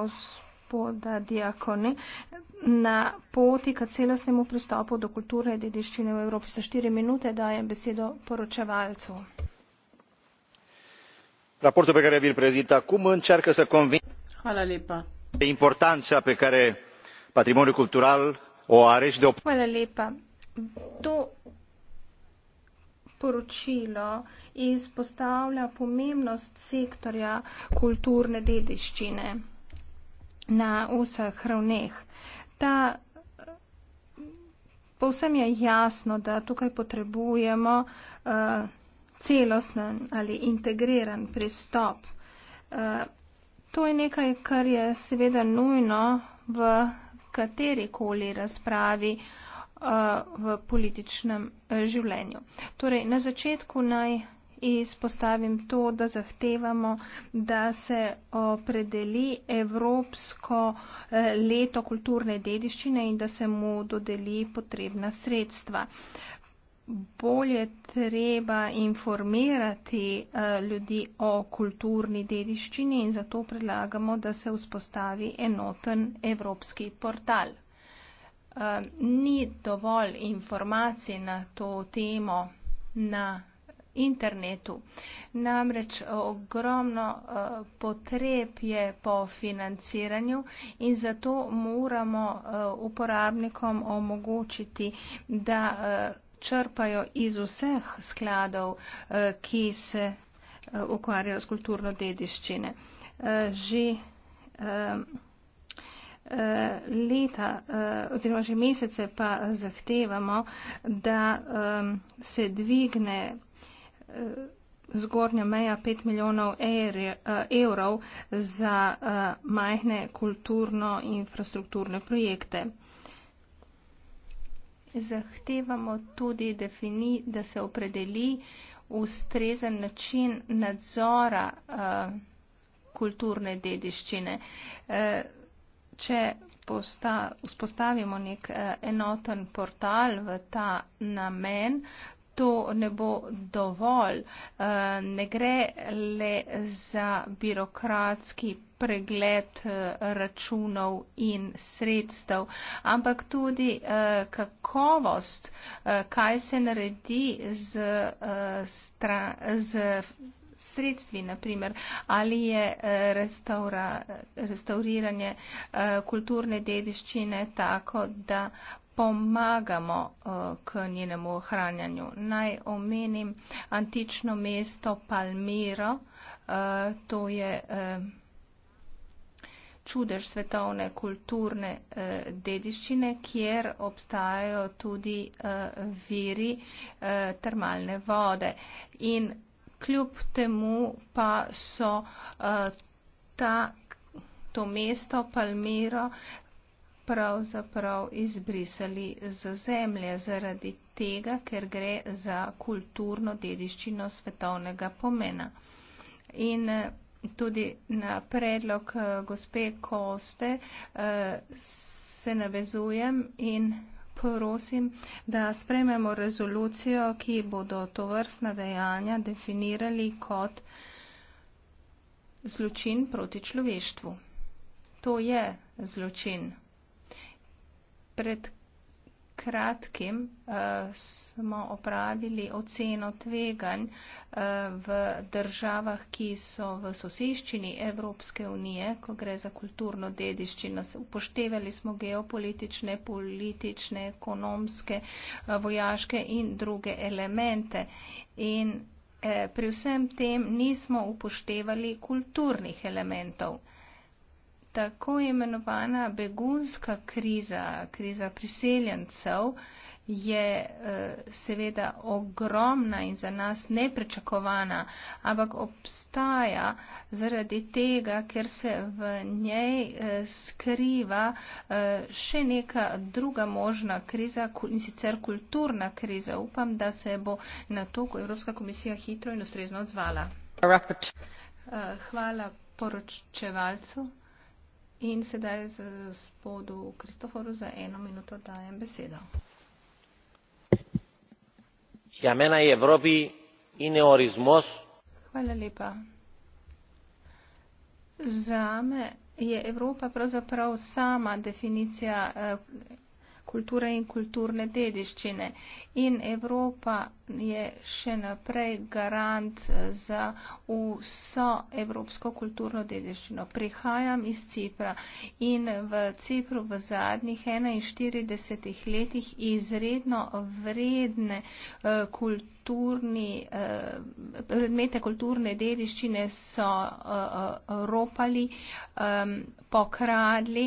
gospoda Diakone na poti k celostnemu pristopu do kulture in dediščine v Evropi. Za štiri minute dajem besedo poročevalcu. Raportul pe care vi-l prezint acum încearcă să convingă Hala lepa. de importanța pe care patrimoniul cultural o are și de o... Hala lepa. To poročilo izpostavlja pomembnost sektorja kulturne dediščine na vseh ravneh. Ta povsem je jasno, da tukaj potrebujemo uh, celosten ali integriran pristop. Uh, to je nekaj, kar je seveda nujno v katerikoli razpravi uh, v političnem uh, življenju. Torej, na začetku naj izpostavim to, da zahtevamo, da se opredeli Evropsko eh, leto kulturne dediščine in da se mu dodeli potrebna sredstva. Bolje treba informirati eh, ljudi o kulturni dediščini in zato predlagamo, da se vzpostavi enoten evropski portal. Eh, ni dovolj informacij na to temo na internetu. Namreč eh, ogromno eh, potreb je po financiranju in zato moramo eh, uporabnikom omogočiti, da črpajo iz vseh skladov, ki se ukvarjajo s kulturno dediščine. Že leta oziroma že mesece pa zahtevamo, da se dvigne zgornja meja 5 milijonov er, eh, evrov za eh, majhne kulturno infrastrukturne projekte. Zahtevamo tudi, defini, da se opredeli ustrezen način nadzora eh, kulturne dediščine. Če posta, vzpostavimo nek enoten portal v ta namen, to ne bo dovolj. Eh, ne gre le za birokratski pregled eh, računov in sredstev, ampak tudi eh, kakovost, kaj se naredi z, stra, z sredstvi, naprimer, ali je restaura, restauriranje kulturne dediščine tako, da pomagamo eh, k njenemu ohranjanju. Naj omenim antično mesto Palmiro, eh, to je eh, čudež svetovne kulturne dediščine, kjer obstajajo tudi viri termalne vode. In kljub temu pa so ta, to mesto Palmiro pravzaprav izbrisali z zemlje zaradi tega, ker gre za kulturno dediščino svetovnega pomena. In eh, tudi na predlog eh, gospe Koste eh, se navezujem in prosim, da sprememo rezolucijo, ki bodo to vrstna dejanja definirali kot zločin proti človeštvu. To je zločin pred kratkim uh, smo opravili oceno tveganj uh, v državah, ki so v sosiščini Evropske unije, ko gre za kulturno dediščino. Upoštevali smo geopolitične, politične, ekonomske, eh, vojaške in druge elemente. In eh, pri vsem tem nismo upoštevali kulturnih elementov. Uh, tako imenovana begunska kriza, kriza priseljencev, je eh, seveda ogromna in za nas neprečakovana, ampak obstaja zaradi tega, ker se v njej eh, skriva eh, še neka druga možna kriza, in sicer kulturna kriza. Upam, da se bo na to Evropska komisija hitro in ustrezno odzvala. Hvala poročevalcu. In sedaj z gospodu Kristoforu za eno minuto dajem besedo. Jamena je Evropi in neorizmos. Hvala lepa. Zame je Evropa pravzaprav sama definicija. Eh, kulture in kulturne dediščine. In Evropa je še naprej garant eh, za vso evropsko kulturno dediščino. Prihajam iz Cipra in v Cipru v zadnjih 41 letih izredno vredne eh, kulturne kulturni, eh, predmete kulturne dediščine so eh, eh, ropali, pokradli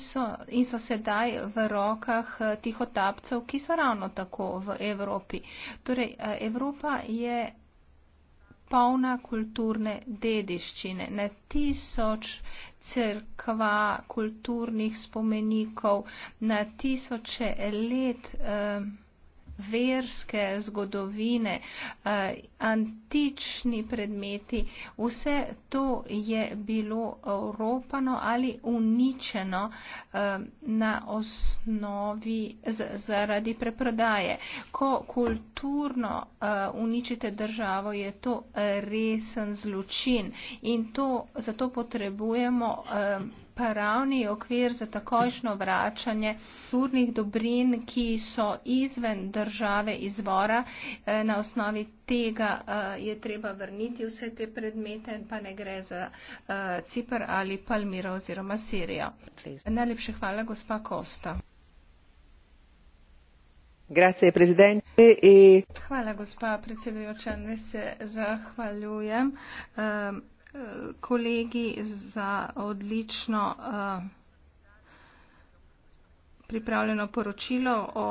so, in so sedaj v rokah tihotapcev, ki so ravno tako v Evropi. Torej, Evropa je polna kulturne dediščine, na tisoč crkva kulturnih spomenikov, na tisoče let. Eh, verske zgodovine, eh, antični predmeti, vse to je bilo ropano ali uničeno eh, na osnovi zaradi preprodaje. Ko kulturno eh, uničite državo, je to resen zločin in to, zato potrebujemo pravni okvir za takošno vračanje turnih dobrin, ki so izven države izvora. E, na osnovi tega e, je treba vrniti vse te predmete, pa ne gre za e, Cipr ali Palmiro oziroma Sirijo. Najlepše hvala, gospa Kosta. Hvala, gospa predsedujoča. Ne se zahvaljujem kolegi za odlično eh, pripravljeno poročilo o,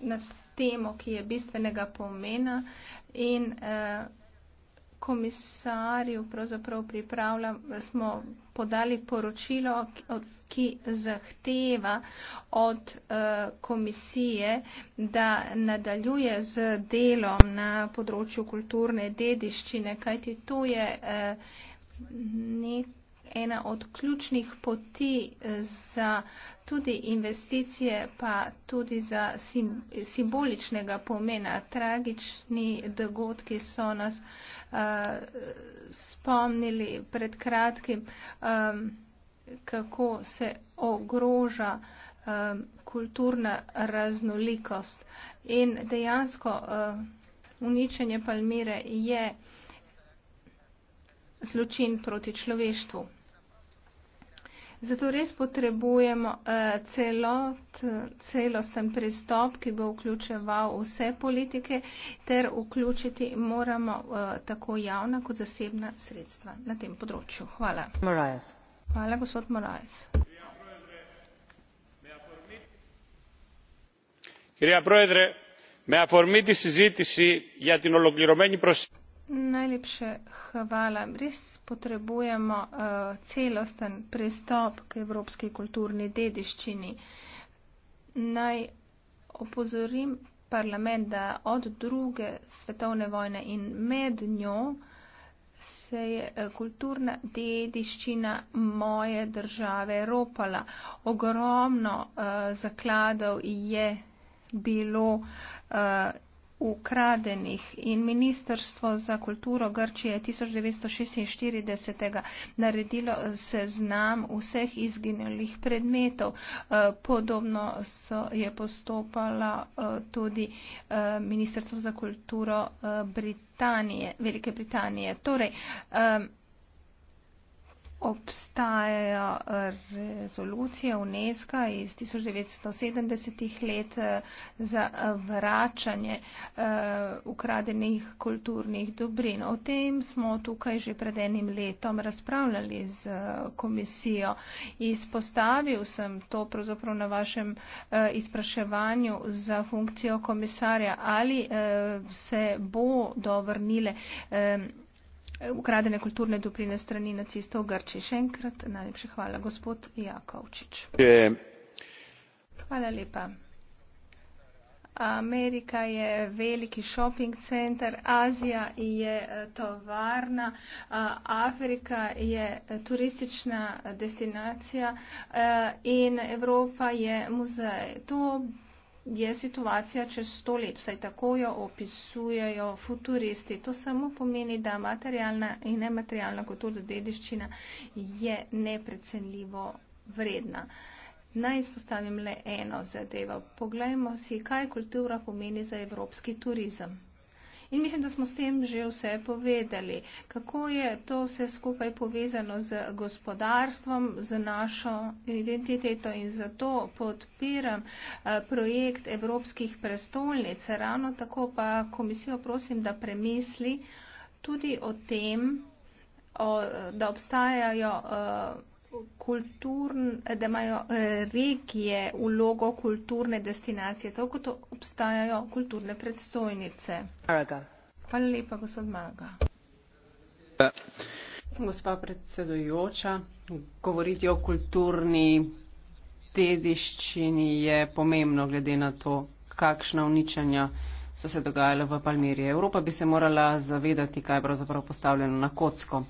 na temo, ki je bistvenega pomena in eh, komisarju pripravlja, smo podali poročilo, ki zahteva od eh, komisije, da nadaljuje z delom na področju kulturne dediščine, kajti to je eh, nekaj, ena od ključnih poti eh, za tudi investicije, pa tudi za sim, simboličnega pomena. Tragični dogodki so nas uh, spomnili pred kratkim, um, kako se ogroža um, kulturna raznolikost. In dejansko uh, uničenje Palmire je zločin proti človeštvu. Zato res potrebujemo eh, celot, celosten pristop, ki bo vključeval vse politike, ter vključiti moramo eh, tako javna kot zasebna sredstva na tem področju. Hvala. Morales. Hvala, gospod Morales. Gospod predsednik, me informiti sizitisi, ja, ti nologiromeni prosim. Najlepše hvala. Res potrebujemo uh, celosten pristop k evropski kulturni dediščini. Naj opozorim parlament, da od druge svetovne vojne in med njo se je eh, kulturna dediščina moje države ropala. Ogromno uh, zakladov je bilo uh, ukradenih in Ministrstvo za kulturo Grčije je 1946. naredilo seznam vseh izginulih predmetov. Eh, podobno so, je postopala eh, tudi eh, Ministrstvo za kulturo Britanije, Velike Britanije. Torej, obstajajo eh, rezolucije UNESCO iz 1970 let eh, za eh, vračanje ukradenih kulturnih dobrin. O tem smo tukaj že pred enim letom razpravljali z komisijo. Izpostavil sem to pravzaprav na vašem izpraševanju za funkcijo komisarja, ali se bodo vrnile ukradene kulturne dobrine strani nacistov v grčiji. Še enkrat najlepša hvala, gospod Jakovčič. Hvala lepa. Amerika je veliki šoping center, Azija je eh, tovarna, Afrika je eh, turistična eh, destinacija in Evropa je muzej. To je situacija čez sto let, vsaj tako jo opisujejo futuristi. To samo pomeni, da materialna in nematerialna kulturna dediščina je neprecenljivo vredna. Naj izpostavim le eno zadevo. Poglejmo si, kaj kultura pomeni za evropski turizem. In mislim, da smo s tem že vse povedali, kako je to vse skupaj povezano z gospodarstvom, z našo identiteto in zato podpiram eh, projekt Evropskih prestolnic. Ravno tako pa komisijo prosim, da premisli tudi o tem, o, da obstajajo. O, eh, kulturn, da imajo eh, regije vlogo kulturne destinacije, tako kot obstajajo kulturne predstojnice. Maraga. Hvala lepa, gospod Maga. Ja. Gospa predsedujoča, govoriti o kulturni dediščini je pomembno glede na to, kakšna uničanja so se dogajale v Palmiriji. Evropa bi se morala zavedati, kaj je pravzaprav postavljeno na kocko.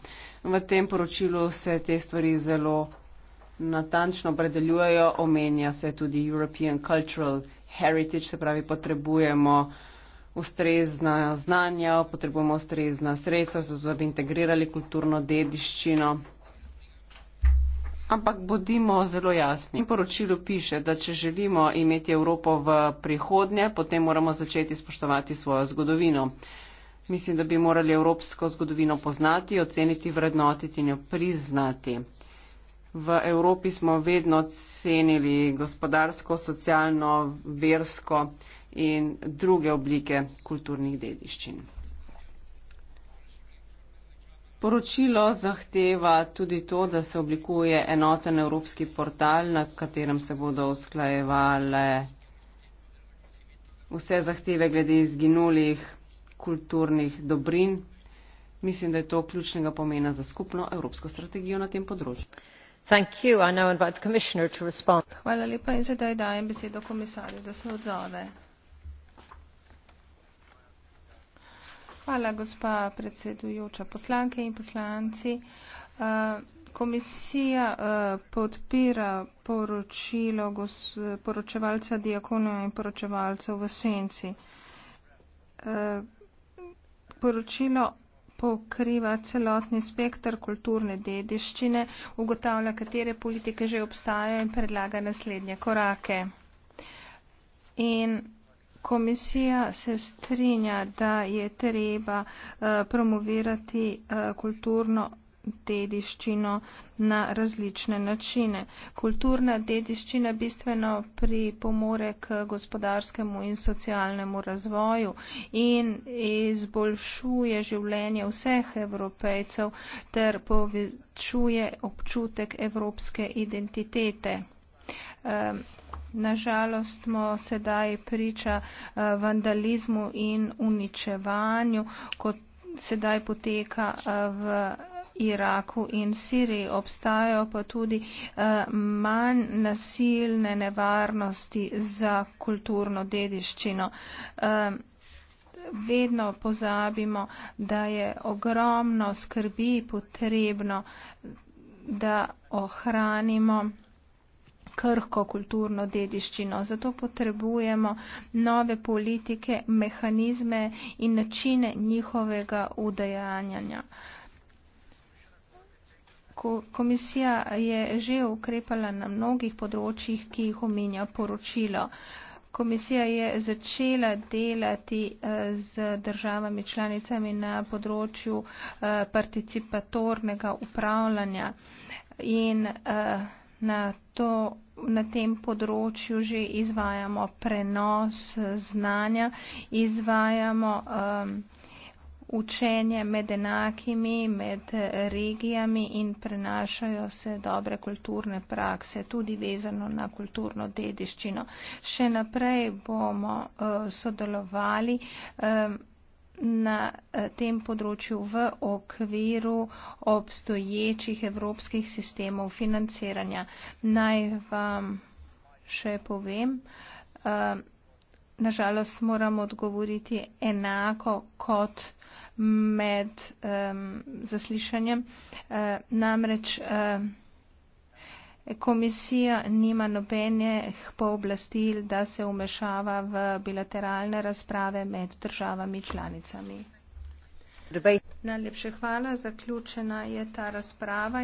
V tem poročilu se te stvari zelo natančno predeljujejo, omenja se tudi European Cultural Heritage, se pravi, potrebujemo ustrezna znanja, potrebujemo ustrezna sredstva, zato da bi integrirali kulturno dediščino. Ampak bodimo zelo jasni. In poročilo piše, da če želimo imeti Evropo v prihodnje, potem moramo začeti spoštovati svojo zgodovino. Mislim, da bi morali evropsko zgodovino poznati, oceniti, vrednotiti in jo priznati. V Evropi smo vedno cenili gospodarsko, socialno, versko in druge oblike kulturnih dediščin. Poročilo zahteva tudi to, da se oblikuje enoten evropski portal, na katerem se bodo usklajevale vse zahteve glede izginulih kulturnih dobrin. Mislim, da je to ključnega pomena za skupno evropsko strategijo na tem področju. Hvala lepa in sedaj dajem besedo komisarju, da se odzove. Hvala, gospa predsedujoča poslanke in poslanci. Eh, komisija eh, podpira poročilo poročevalca diakonov in poročevalcev v senci. Eh, poročilo pokriva celotni spektr kulturne dediščine, ugotavlja, katere politike že obstajajo in predlaga naslednje korake. In Komisija se strinja, da je treba eh, promovirati eh, kulturno dediščino na različne načine. Kulturna dediščina bistveno pripomore k gospodarskemu in socialnemu razvoju in izboljšuje življenje vseh evropejcev ter povečuje občutek evropske identitete. Um, Nažalost smo sedaj priča eh, vandalizmu in uničevanju, kot sedaj poteka eh, v Iraku in Siriji. Obstajajo pa tudi eh, manj nasilne nevarnosti za kulturno dediščino. Ehm, vedno pozabimo, da je ogromno skrbi potrebno, da ohranimo krhko kulturno dediščino. Zato potrebujemo nove politike, mehanizme in načine njihovega udejanjanja. Komisija je že ukrepala na mnogih področjih, ki jih omenja poročilo. Komisija je začela delati eh, z državami članicami na področju eh, participatornega upravljanja in eh, na, to, na tem področju že izvajamo prenos znanja, izvajamo um, učenje med enakimi, med regijami in prenašajo se dobre kulturne prakse, tudi vezano na kulturno dediščino. Še naprej bomo uh, sodelovali. Um, na eh, tem področju v okviru obstoječih evropskih sistemov financiranja. Naj vam še povem, eh, nažalost moram odgovoriti enako kot med zaslišanjem, eh, namreč Komisija nima nobenih pooblastil, da se umešava v bilateralne razprave med državami članicami. Najlepše hvala. Zaključena je ta razprava.